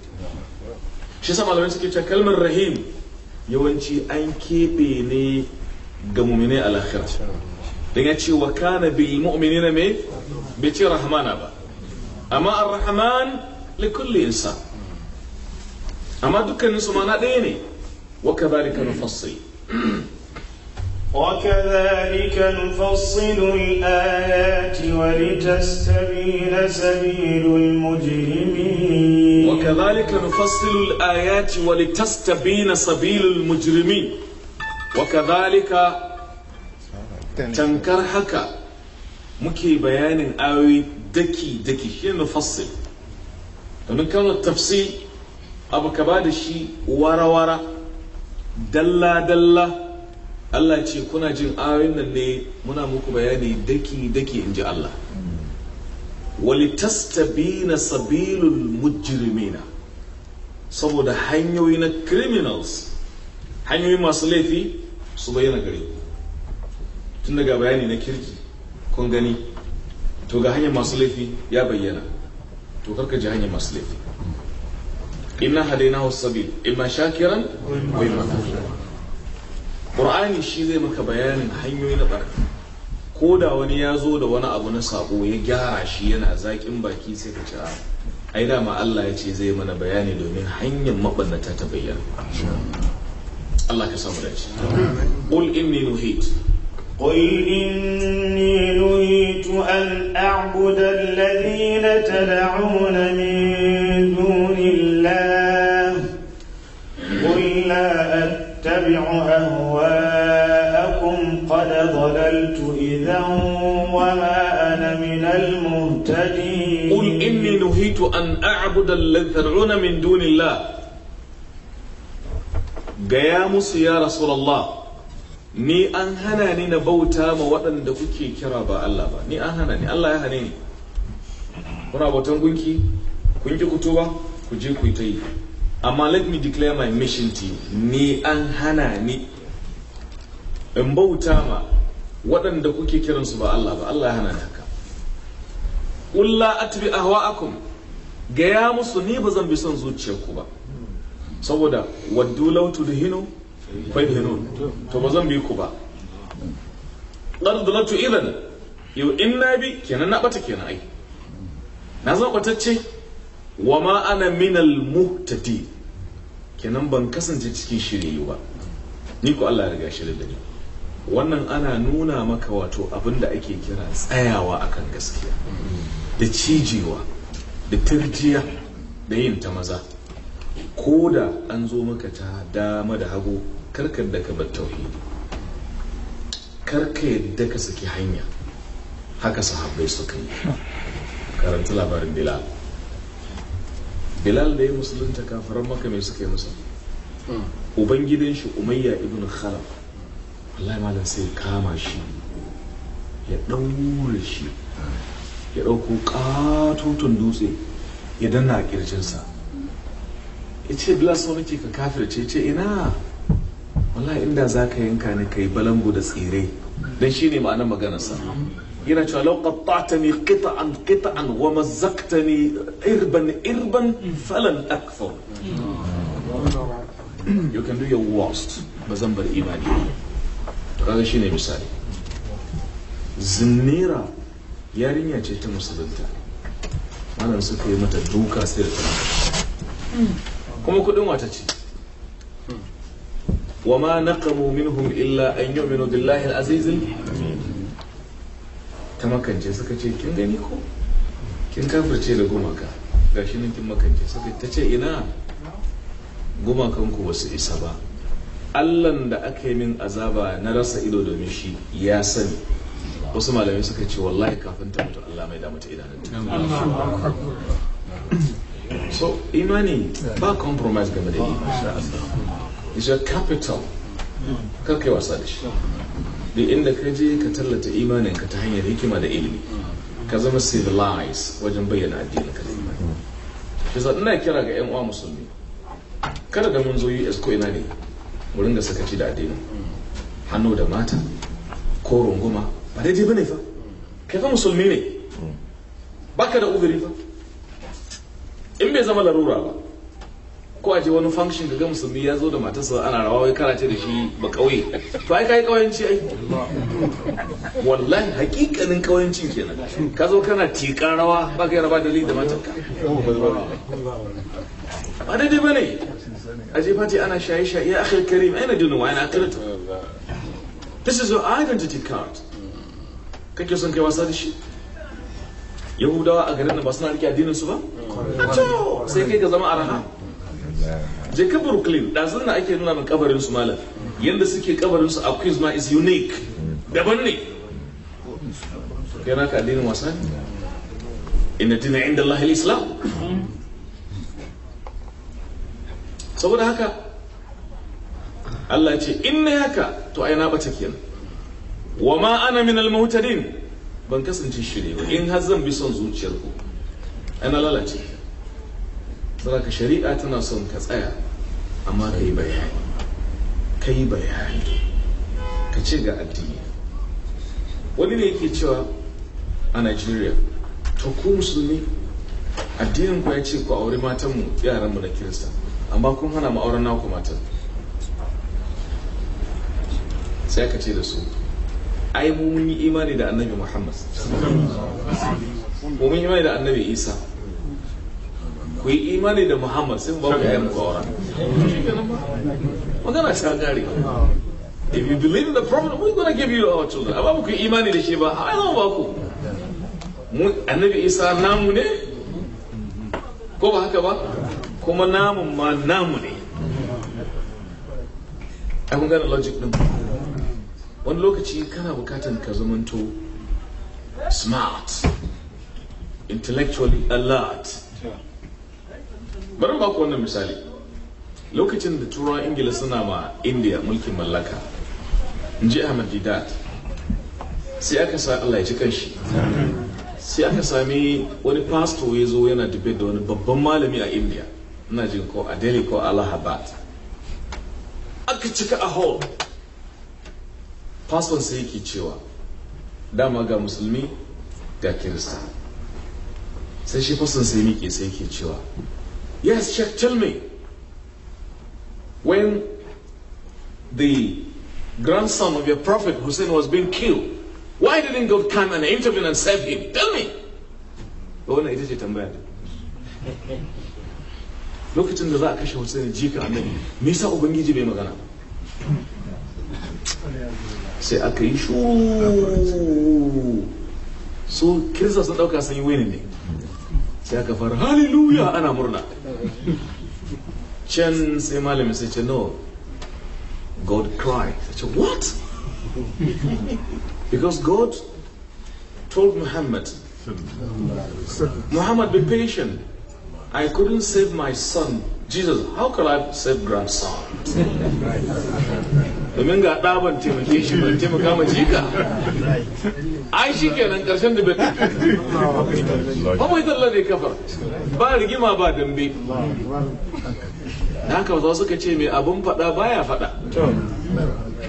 shi sa malamai suke cewa kalmar rahim yawanci an keɓe ne ga mumine a دنجي وكان بالمؤمنين مي بتي رحمان أبا أما الرحمن لكل إنسان أما دك النسمانة ديني وكذلك نفصل وكذلك نفصل الآيات ولتستبين سبيل المجرمين وكذلك نفصل الآيات ولتستبين سبيل المجرمين وكذلك tankar haka muke bayanin ayoyi daki daki shi ne fassil domin kalmar tafsi. abu ka ba da shi wara-wara dalla-dalla Allah ce kuna jin ayoyin nan ne muna muku bayani daki-daki in ji Allah walitastabina sabilul mujrimina saboda hanyoyi na criminals hanyoyi masu laifi su bayyana gare ku tun daga bayani na kirki kun gani to ga hanyar masu laifi ya bayyana to karka ji hanyar masu laifi inna hadaina wasu sabil imma shakiran wa imma qur'ani shi zai maka bayanin hanyoyi na barka ko da wani ya zo da wani abu na sako ya gyara shi yana zaƙin baki sai ka cira ai dama Allah ya ce zai mana bayani domin hanyar mabannata ta bayyana Allah ka samu dace qul inni nuhit قل إني نهيت أن أعبد الذين تدعون من دون الله قل لا أتبع أهواءكم قد ضللت إذا وما أنا من المهتدين قل إني نهيت أن أعبد الذين تدعون من دون الله قيام يا رسول الله ni an hana ni na bauta ma waɗanda kuke kira ba Allah ba ni an hana ni Allah ya hane ni kuna bautan gunki kun ki kuto ba ku je ku ta yi amma let me declare my mission to you ni an hana ni in bauta ma waɗanda kuke kiransu ba Allah ba Allah ya hana ni haka ulla atbi ahwa'akum gaya musu ni ba zan bi son zuciyarku ba saboda waddu law tudhinu fadhinun to ba zan bi ku ba na dhalatu idan yau in na bi kenan na bata kenan ai na zan batacce wa ma ana minal muhtadi kenan ban kasance cikin shiriyu ba ni ku Allah ya riga shirin da ni wannan ana nuna maka wato abin da ake kira tsayawa akan gaskiya da cijewa da turjiya da yin ta maza ko da an zo maka ta dama da hagu karka yadda ka bar tauhidi karka yadda ka saki hanya haka sahabbai suka yi karanta labarin bilal bilal da ya musulunta kafaran maka mai suka yi musa ubangidan shi umayya ibn khalaf wallahi malam sai kama shi ya ɗaure shi ya ɗauko ƙatoton dutse ya danna a ƙirjinsa ya ce bilal sau ka kafirce ce ina Wala inda za ka yanka ni kai balangu da tsire dan ne ma'anar maganarsa yana cewa kita an kita an wa ne irban irban falan akthar you can do your worst ba zan bar imani kaga ne misali zinnira yarinya ce ta musulunta malam suka yi mata duka sai da kuma kudin wata ce وما نقموا منهم إلا أن يؤمنوا بالله العزيز ce kin gani كن kin كن كافر جيل غمكا gashi nan kin makance sai ta ce ina gumakanku ba su isa ba allan da aka yi min azaba na rasa ido domin shi ya sani wasu malamai suka ce wallahi kafin ta mutu allah mai damu ta so imani ba compromise game da imani is your capital kar kai wasa da shi da inda ka je ka tallata imanin ka ta hanyar hikima da ilimi ka zama civilized wajen bayyana addinin ka shi sa ina kira ga yan uwa musulmi kada da mun zo US ko ina ne mu ringa sakaci da addini hannu da mata ko runguma ba daidai bane fa kai fa musulmi ne baka da uzuri fa in bai zama larura ba ko a ce wani function ga musulmi ya zo da matarsa ana rawa wai karace da shi ba kauye to ai kai kauyanci ai wallahi hakikanin kauyancin kenan ka zo kana tikan rawa ba kai raba dalili da matarka ba daidai bane a je fati ana shaye shaye ya akhir karim aina dinu wa ana akhiratu this is your identity card kake son kai wasa da shi yahudawa a garin nan ba suna rike addinin su ba sai kai ka zama araha je ka brooklyn ɗazun na ake nuna min kabarin su malam yadda suke kabarin su a queens ma is unique daban ne kai ka addinin wasa inna dina inda Allah islam saboda haka Allah ya ce in ne haka to ai na bata kiyan wa ma ana min al ban kasance shi ba in har zan bi son zuciyar ku ana lalace saboda shari'a tana son ka tsaya amma ka yi bayani ka yi bayani ka ce ga addini wani ne yake cewa a nigeria to ku musulmi addinin ku ya ce ku aure matanmu yaranmu na kirista amma kun hana mu auren naku matan sai ka ce da su ai mu mun yi imani da annabi muhammad mu mun yi imani da annabi isa ku yi imani da muhammad sun ba ku yayan ku aura magana sa gari if you believe in the prophet we're going to give you our children amma ku yi imani da shi ba ai zan ba ku annabi isa namu ne ko ba haka ba kuma namun ma namu ne ai kun gane logic din wani lokaci kana bukatan ka zamanto smart intellectually alert bari ba ku wannan misali lokacin da turawan ingila suna ma india mulkin mallaka in ji ahmad didat sai aka sa allah ya ci kanshi sai aka sami wani pastor ya zo yana dubbe da wani babban malami a india ina jin ko a delhi ko allahabad aka cika a hall pastor sai yake cewa dama ga musulmi ga kirista sai shi fasin sai miƙe sai ke cewa Yes, Sheikh, tell me. When the grandson of your prophet Hussein was being killed, why didn't God come and intervene and save him? Tell me. Wannan ita ce tambaya. Lokacin da za a kashe Hussein jika annabi, me yasa Ubangiji bai magana? Sai aka So Kirista sun dauka sun yi wani ne. Sai aka fara hallelujah ana murna. Can Imam malamin no. God cried. I said, what? because God told Muhammad, Muhammad, be patient. I couldn't save my son. Jesus, how could I save grandson? domin ga ɗa ban taimake shi ban taimaka ma jika ai shi kenan ƙarshen da bai ba mai talla ne kafar ba rigima ba dambe haka za suka ce mai abin faɗa baya faɗa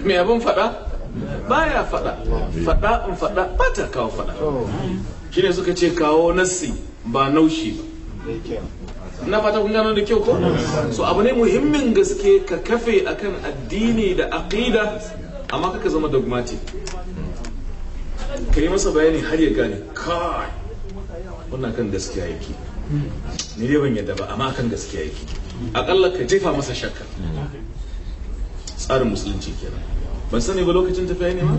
mai abin faɗa baya faɗa faɗa in faɗa ba ta kawo faɗa shine suka ce kawo nassi ba naushi ba na fata kun gano da kyau ko so abu ne muhimmin gaske ka kafe akan addini da aqida amma kaka zama dogmatic kayi masa bayani har ya gane kai wannan kan gaskiya yake ni dai ban yadda ba amma kan gaskiya yake akalla ka jefa masa shakka tsarin musulunci kenan ban sani ba lokacin tafiya ne ma?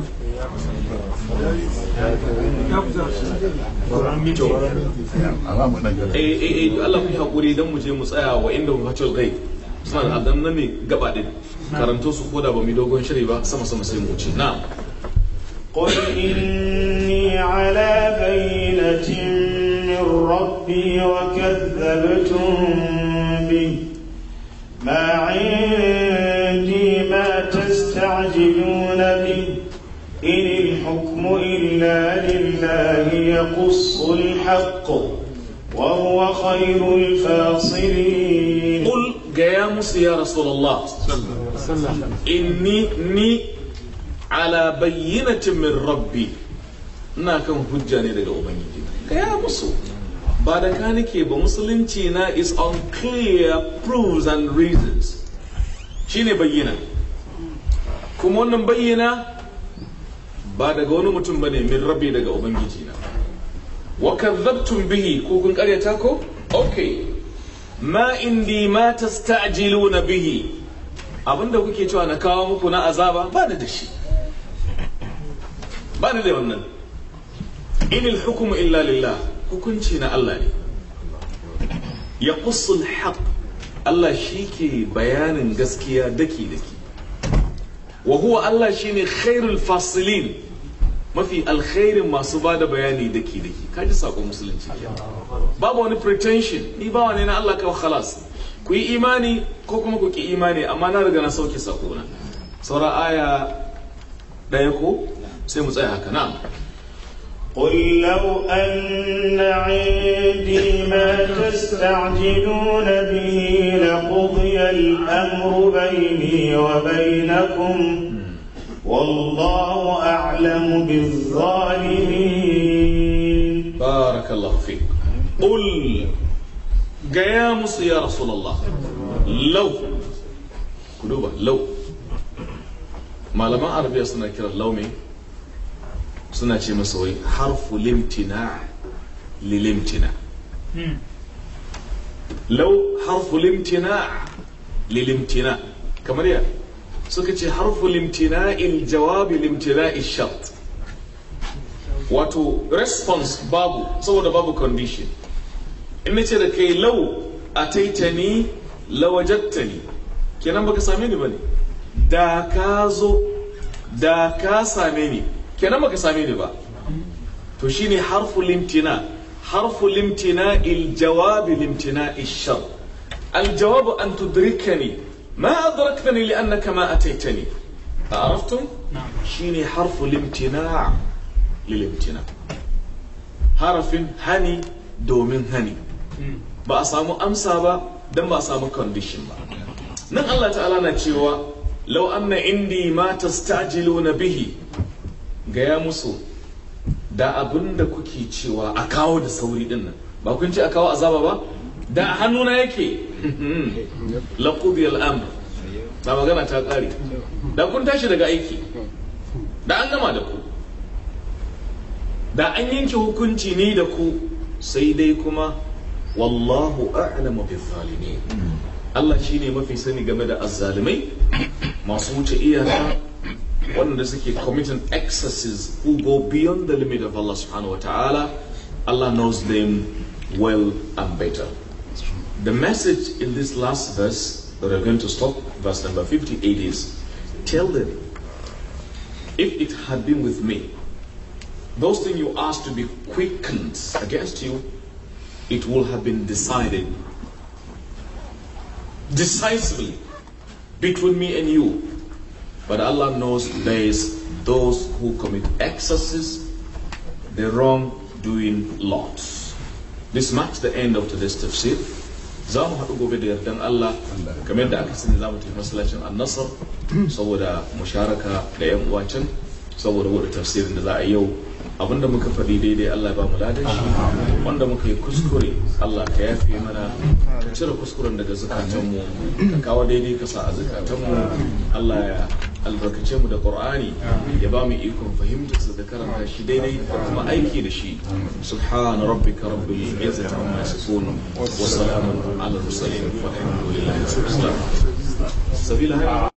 eh eh Allah ku hakuri dan mu je mu tsaya wa inda mu fatul ghaib suna da adam nan ne gaba din karanto su koda ba mu dogon shiri ba sama sama sai mu wuce na قل إني على بينة من ربي وكذبتم به ما عندي يستعجلون به إن الحكم إلا لله يقص الحق وهو خير الفاصلين قل قيامس يا رسول الله إني ني على بينة من ربي ناكم حجاني لك أبنجي قيامس بعد كانك بمسلم تينا is on clear proofs and reasons شيني بينة kuma wannan bayyana ba daga wani mutum ba ne min rabi daga ubangiji na wa kadzabtum bihi ko kun karyata ko okay ma indi ma tasta'jiluna bihi abinda kuke cewa na kawo muku na azaba ba ni da shi ba ni da wannan inil hukumu illa lillah hukunci na Allah ne ya kusul Allah shi ke bayanin gaskiya daki daki wa huwa Allah shine khairul fasilin mafi alkhairin masu ba da bayani daki daki kaji sako musulunci babu wani pretension ni ba wani na Allah kawai khalas ku yi imani ko kuma ku ki imani amma na riga na sauke sako na saura aya daya ko sai mu tsaya haka na'am قل لو أن عندي ما تستعجلون به لقضي الأمر بيني وبينكم والله أعلم بالظالمين بارك الله فيك قل قيامس يا رسول الله لو قلوبة لو ما لما أعرف يا صنع لو مين suna ce masa wai harfu limtina lilimtina hmm. lau harfu limtina lilimtina kamar ya suka ce harfu limtina il jawabi limtina il shart wato response babu saboda babu condition in ce da kai lau a taitani lawajattani kenan baka same ni ba ne. da ka zo da ka same ni kenan baka same ni ba to shine harfu limtina harfu limtina il jawab limtina ishar al jawab an tudrikani ma adraktani li annaka ma ataitani عرفتم؟ نعم شيني حرف الامتناع للامتناع حرف هني دومين ba a samu amsa ba dan ba a samu condition ba nan Allah ta'ala na cewa lauanna anna indi ma tastajiluna bihi gaya musu da abin da kuke cewa a kawo da sauri din nan ba kun ce a kawo azaba ba da hannuna yake laqubi al'amr ba magana ta kare da kun tashi daga aiki da an gama da ku da an yanke hukunci ne da ku sai dai kuma wallahu a'lamu bil zalimin Allah shine mafi sani game da azzalimai masu wuce iyaka waɗanda suke committing excesses who go beyond the limit of Allah subhanahu wa ta'ala, Allah knows them well and better. The message in this last verse that we're going to stop, verse number 58 is, tell them, if it had been with me, those things you asked to be quickened against you, it would have been decided decisively between me and you But Allah knows there is those who commit excesses, the wrongdoing lots. This marks the end of today's tafsir. za mu haɗu gobe da yardan Allah kamar da aka sani za mu tafi masallacin annasar saboda musharaka da yan uwa can saboda wani tafsirin da za a yau abinda muka faɗi daidai Allah ba mu lada shi wanda muka yi kuskure Allah ka yafe mana ka cire kuskuren daga zukatanmu ka kawo daidai ka sa a zukatanmu Allah ya albarkace mu da qur'ani ya ba mu ikon fahimta su da karanta shi daidai da kuma aiki da shi subhana rabbika rabbil izzati amma yasifun wa salamun ala al-mursalin walhamdulillahi rabbil alamin sabila